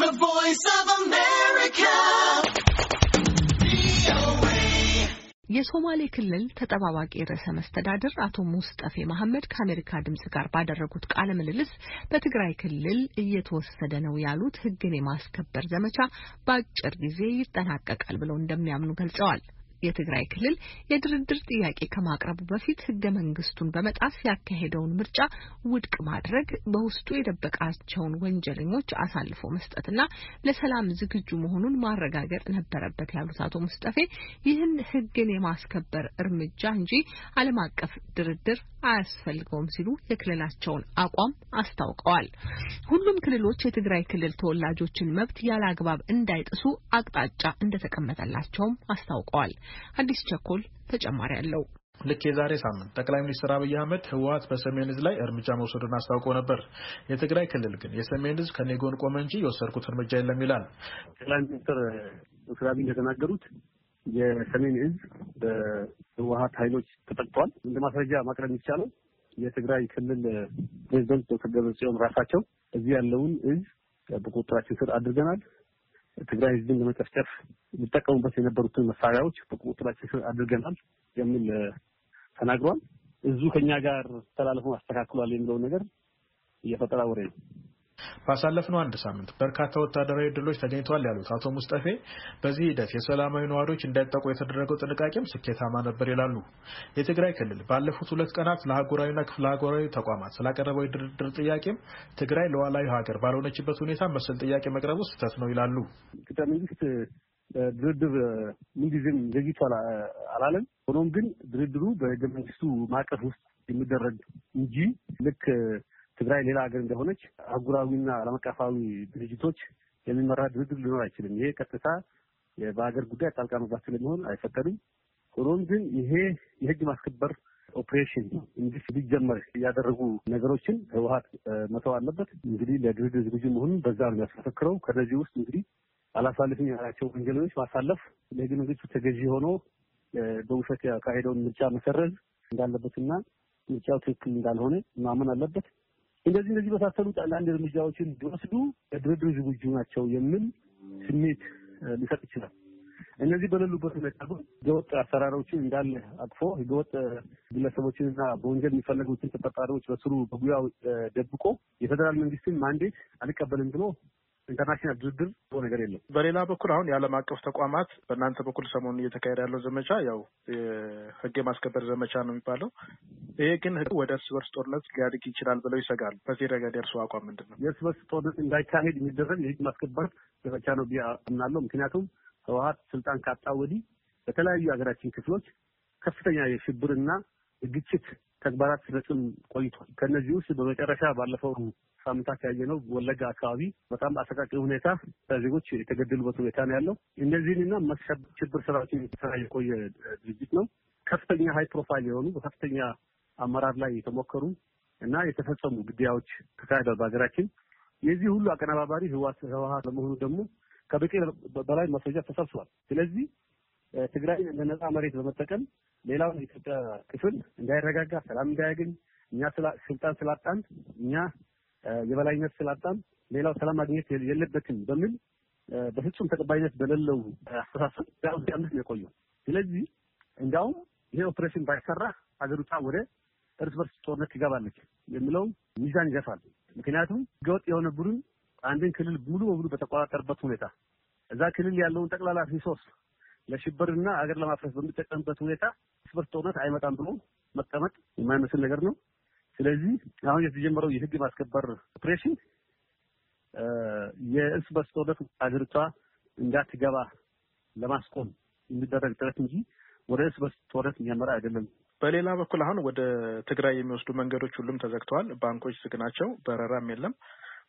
The Voice of America. የሶማሌ ክልል ተጠባባቂ ርዕሰ መስተዳድር አቶ ሙስጠፌ መሐመድ ከአሜሪካ ድምጽ ጋር ባደረጉት ቃለ ምልልስ በትግራይ ክልል እየተወሰደ ነው ያሉት ሕግን የማስከበር ዘመቻ በአጭር ጊዜ ይጠናቀቃል ብለው እንደሚያምኑ ገልጸዋል። የትግራይ ክልል የድርድር ጥያቄ ከማቅረቡ በፊት ህገ መንግስቱን በመጣስ ያካሄደውን ምርጫ ውድቅ ማድረግ፣ በውስጡ የደበቃቸውን ወንጀለኞች አሳልፎ መስጠትና ለሰላም ዝግጁ መሆኑን ማረጋገጥ ነበረበት ያሉት አቶ ሙስጠፌ ይህን ህግን የማስከበር እርምጃ እንጂ ዓለም አቀፍ ድርድር አያስፈልገውም ሲሉ የክልላቸውን አቋም አስታውቀዋል። ሁሉም ክልሎች የትግራይ ክልል ተወላጆችን መብት ያለ አግባብ እንዳይጥሱ አቅጣጫ እንደተቀመጠላቸውም አስታውቀዋል። አዲስ ቸኮል ተጨማሪ አለው። ልክ የዛሬ ሳምንት ጠቅላይ ሚኒስትር አብይ አህመድ ህወሀት በሰሜን እዝ ላይ እርምጃ መውሰዱን አስታውቆ ነበር። የትግራይ ክልል ግን የሰሜን እዝ ከኔ ጎን ቆመ እንጂ የወሰድኩት እርምጃ የለም ይላል። ጠቅላይ ሚኒስትር ዶክተር አብይ እንደተናገሩት የሰሜን እዝ በህወሀት ኃይሎች ተጠቅቷል። እንደ ማስረጃ ማቅረብ የሚቻለው የትግራይ ክልል ፕሬዚደንት ዶክተር ደብረጽዮን ራሳቸው እዚህ ያለውን እዝ በቁጥጥራችን ስር አድርገናል፣ ትግራይ ህዝብን ለመጨፍጨፍ የሚጠቀሙበት የነበሩትን መሳሪያዎች በቁጥጥራችን ስር አድርገናል የሚል ተናግሯል። እዙ ከኛ ጋር ተላልፎ አስተካክሏል የሚለውን ነገር የፈጠራ ወሬ ነው። ባሳለፍነው አንድ ሳምንት በርካታ ወታደራዊ ድሎች ተገኝተዋል ያሉት አቶ ሙስጠፌ በዚህ ሂደት የሰላማዊ ነዋሪዎች እንዳይጠቁ የተደረገው ጥንቃቄም ስኬታማ ነበር ይላሉ። የትግራይ ክልል ባለፉት ሁለት ቀናት ለአህጉራዊና ክፍለ አህጉራዊ ተቋማት ስላቀረበው የድርድር ጥያቄም ትግራይ ለዋላዊ ሀገር ባልሆነችበት ሁኔታ መሰል ጥያቄ መቅረቡ ስህተት ነው ይላሉ። ድርድር ምንጊዜም ዘግይቷል አላለም። ሆኖም ግን ድርድሩ በህገ መንግስቱ ማዕቀፍ ውስጥ የሚደረግ እንጂ ልክ ትግራይ ሌላ ሀገር እንደሆነች አህጉራዊና ዓለም አቀፋዊ ድርጅቶች የሚመራ ድርድር ሊኖር አይችልም። ይሄ ቀጥታ በሀገር ጉዳይ ጣልቃ መግባት ስለሚሆን አይፈቀድም። ሆኖም ግን ይሄ የህግ ማስከበር ኦፕሬሽን እንግዲህ ሊጀመር እያደረጉ ነገሮችን ህወሀት መተው አለበት። እንግዲህ ለድርድር ዝግጁ መሆኑን በዛ ነው የሚያስመሰክረው። ከነዚህ ውስጥ እንግዲህ አላሳልፍም ያላቸው ወንጀለኞች ማሳለፍ፣ ለህገ መንግስቱ ተገዢ ሆኖ በውሸት ያካሄደውን ምርጫ መሰረዝ እንዳለበትና ምርጫው ትክክል እንዳልሆነ ማመን አለበት። እንደዚህ እንደዚህ በሳሰሉት አንዳንድ እርምጃዎችን ቢወስዱ ለድርድር ዝግጁ ናቸው የሚል ስሜት ሊሰጥ ይችላል። እነዚህ በሌሉበት ሁኔታ ግን ህገወጥ አሰራሮችን እንዳለ አቅፎ ህገወጥ ግለሰቦችንና በወንጀል የሚፈለጉትን ተጠርጣሪዎች በስሩ በጉያው ደብቆ የፌደራል መንግስትን ማንዴት አልቀበልም ብሎ ኢንተርናሽናል ድርድር ነገር የለም። በሌላ በኩል አሁን የዓለም አቀፍ ተቋማት በእናንተ በኩል ሰሞኑን እየተካሄደ ያለው ዘመቻ ያው ህግ የማስከበር ዘመቻ ነው የሚባለው ይሄ ግን ወደ እርስ በርስ ጦርነት ሊያድግ ይችላል ብለው ይሰጋሉ። በዚህ ረገድ የእርስዎ አቋም ምንድን ነው? የእርስ በርስ ጦርነት እንዳይካሄድ የሚደረግ የህግ ማስከበር ዘመቻ ነው ብዬ አምናለሁ። ምክንያቱም ህወሀት ስልጣን ካጣ ወዲህ በተለያዩ የሀገራችን ክፍሎች ከፍተኛ የሽብርና ግጭት ተግባራት ሲፈጽም ቆይቷል። ከእነዚህ ውስጥ በመጨረሻ ባለፈው ሳምንታት ያየነው ወለጋ አካባቢ በጣም አሰቃቂ ሁኔታ ዜጎች የተገደሉበት ሁኔታ ነው ያለው። እነዚህንና መሰል ሽብር ስራዎችን የተሰራ የቆየ ድርጅት ነው። ከፍተኛ ሀይ ፕሮፋይል የሆኑ በከፍተኛ አመራር ላይ የተሞከሩ እና የተፈጸሙ ግድያዎች ተካሂደዋል በሀገራችን። የዚህ ሁሉ አቀነባባሪ ህወሓት ለመሆኑ ደግሞ ከበቂ በላይ ማስረጃ ተሰብስቧል። ስለዚህ ትግራይን እንደ ነፃ መሬት በመጠቀም ሌላውን የኢትዮጵያ ክፍል እንዳይረጋጋ፣ ሰላም እንዳያገኝ እኛ ስልጣን ስላጣን እኛ የበላይነት ስላጣን ሌላው ሰላም ማግኘት የለበትም በሚል በፍጹም ተቀባይነት በሌለው አስተሳሰብ ያው ሲያምስ ነው የቆየው። ስለዚህ እንዲያውም ይሄ ኦፕሬሽን ባይሰራ ሀገሪቷ ወደ እርስ በርስ ጦርነት ትገባለች የሚለው ሚዛን ይዘፋል። ምክንያቱም ህገወጥ የሆነ ቡድን አንድን ክልል ሙሉ በሙሉ በተቆጣጠርበት ሁኔታ እዛ ክልል ያለውን ጠቅላላ ሪሶርስ ለሽብርና አገር ለማፍረስ በሚጠቀምበት ሁኔታ እርስ በርስ ጦርነት አይመጣም ብሎ መቀመጥ የማይመስል ነገር ነው። ስለዚህ አሁን የተጀመረው የህግ ማስከበር ኦፕሬሽን የእርስ በርስ ጦርነት አገሪቷ እንዳትገባ ለማስቆም የሚደረግ ጥረት እንጂ ወደ እርስ በርስ ጦርነት የሚያመራ አይደለም። በሌላ በኩል አሁን ወደ ትግራይ የሚወስዱ መንገዶች ሁሉም ተዘግተዋል። ባንኮች ዝግ ናቸው። በረራም የለም።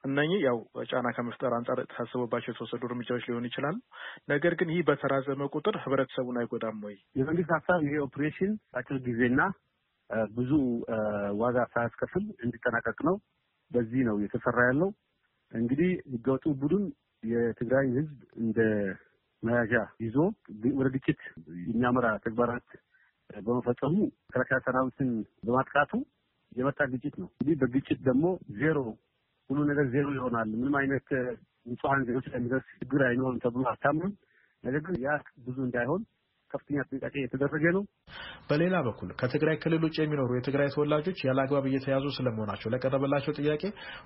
እነኚህ ያው ጫና ከመፍጠር አንጻር ታስቦባቸው የተወሰዱ እርምጃዎች ሊሆን ይችላሉ። ነገር ግን ይህ በተራዘመ ቁጥር ህብረተሰቡን አይጎዳም ወይ? የመንግስት ሀሳብ ይሄ ኦፕሬሽን አጭር ጊዜና ብዙ ዋጋ ሳያስከፍል እንዲጠናቀቅ ነው። በዚህ ነው የተሰራ ያለው። እንግዲህ ህገወጡ ቡድን የትግራይ ህዝብ እንደ መያዣ ይዞ ወደ ግጭት የሚያመራ ተግባራት በመፈጸሙ መከላከያ ሰራዊትን በማጥቃቱ የመጣ ግጭት ነው። እንግዲህ በግጭት ደግሞ ዜሮ ሁሉ ነገር ዜሮ ይሆናል። ምንም አይነት ንጹሐን ዜጎች የሚደርስ ችግር አይኖርም ተብሎ አታምም። ነገር ግን ያ ብዙ እንዳይሆን ከፍተኛ ጥንቃቄ እየተደረገ ነው። በሌላ በኩል ከትግራይ ክልል ውጭ የሚኖሩ የትግራይ ተወላጆች ያለ አግባብ እየተያዙ ስለመሆናቸው ለቀረበላቸው ጥያቄ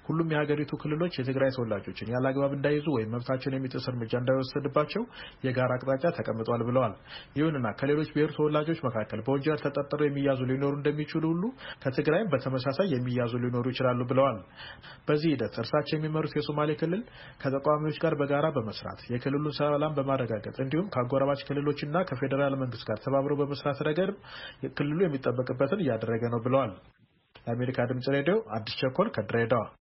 ሁሉም የሀገሪቱ ክልሎች የትግራይ ተወላጆችን ያለ አግባብ እንዳይዙ ወይም መብታቸውን የሚጥስ እርምጃ እንዳይወሰድባቸው የጋራ አቅጣጫ ተቀምጧል ብለዋል። ይሁንና ከሌሎች ብሔር ተወላጆች መካከል በወንጀል ተጠርጥረው የሚያዙ ሊኖሩ እንደሚችሉ ሁሉ ከትግራይም በተመሳሳይ የሚያዙ ሊኖሩ ይችላሉ ብለዋል። በዚህ ሂደት እርሳቸው የሚመሩት የሶማሌ ክልል ከተቃዋሚዎች ጋር በጋራ በመስራት የክልሉን ሰላም በማረጋገጥ እንዲሁም ከአጎራባች ክልሎችና ከፌደ ከፌዴራል መንግስት ጋር ተባብሮ በመስራት ረገድ ክልሉ የሚጠበቅበትን እያደረገ ነው ብለዋል። ለአሜሪካ ድምጽ ሬዲዮ አዲስ ቸኮል ከድሬዳዋ